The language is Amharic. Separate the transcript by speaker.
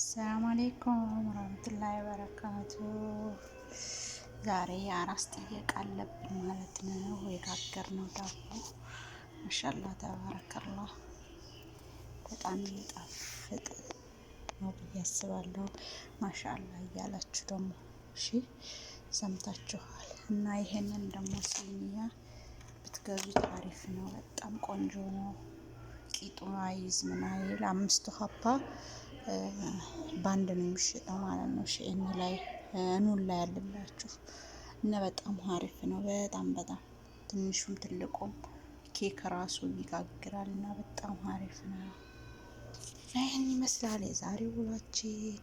Speaker 1: ሰላም አሌይኩም ረህመቱላሂ በረካቱ ዛሬ የአራስ ጥየቅ አለብን ማለት ነው። የጋገርነው ዳቦ ማሻላ ተባረከላ በጣም የሚጣፍጥ ነው ብዬ አስባለሁ። ማሻላ እያላችሁ ደግሞ እሺ ሰምታችኋል። እና ይሄንን ደግሞ ስልሚያ ብትገዙ ታሪፍ ነው። በጣም ቆንጆ ነው። ቂጡ አይዝ ምናይል አምስቱ ሀፓ ባንድ ነው የሚሸጠው ማለት ነው። ሺኤን ላይ ኑን ላይ ያለላችሁ እና በጣም አሪፍ ነው። በጣም በጣም ትንሹም ትልቁም ኬክ ራሱ ይጋግራል እና በጣም አሪፍ ነው። ይህን ይመስላል የዛሬ ውሏችን።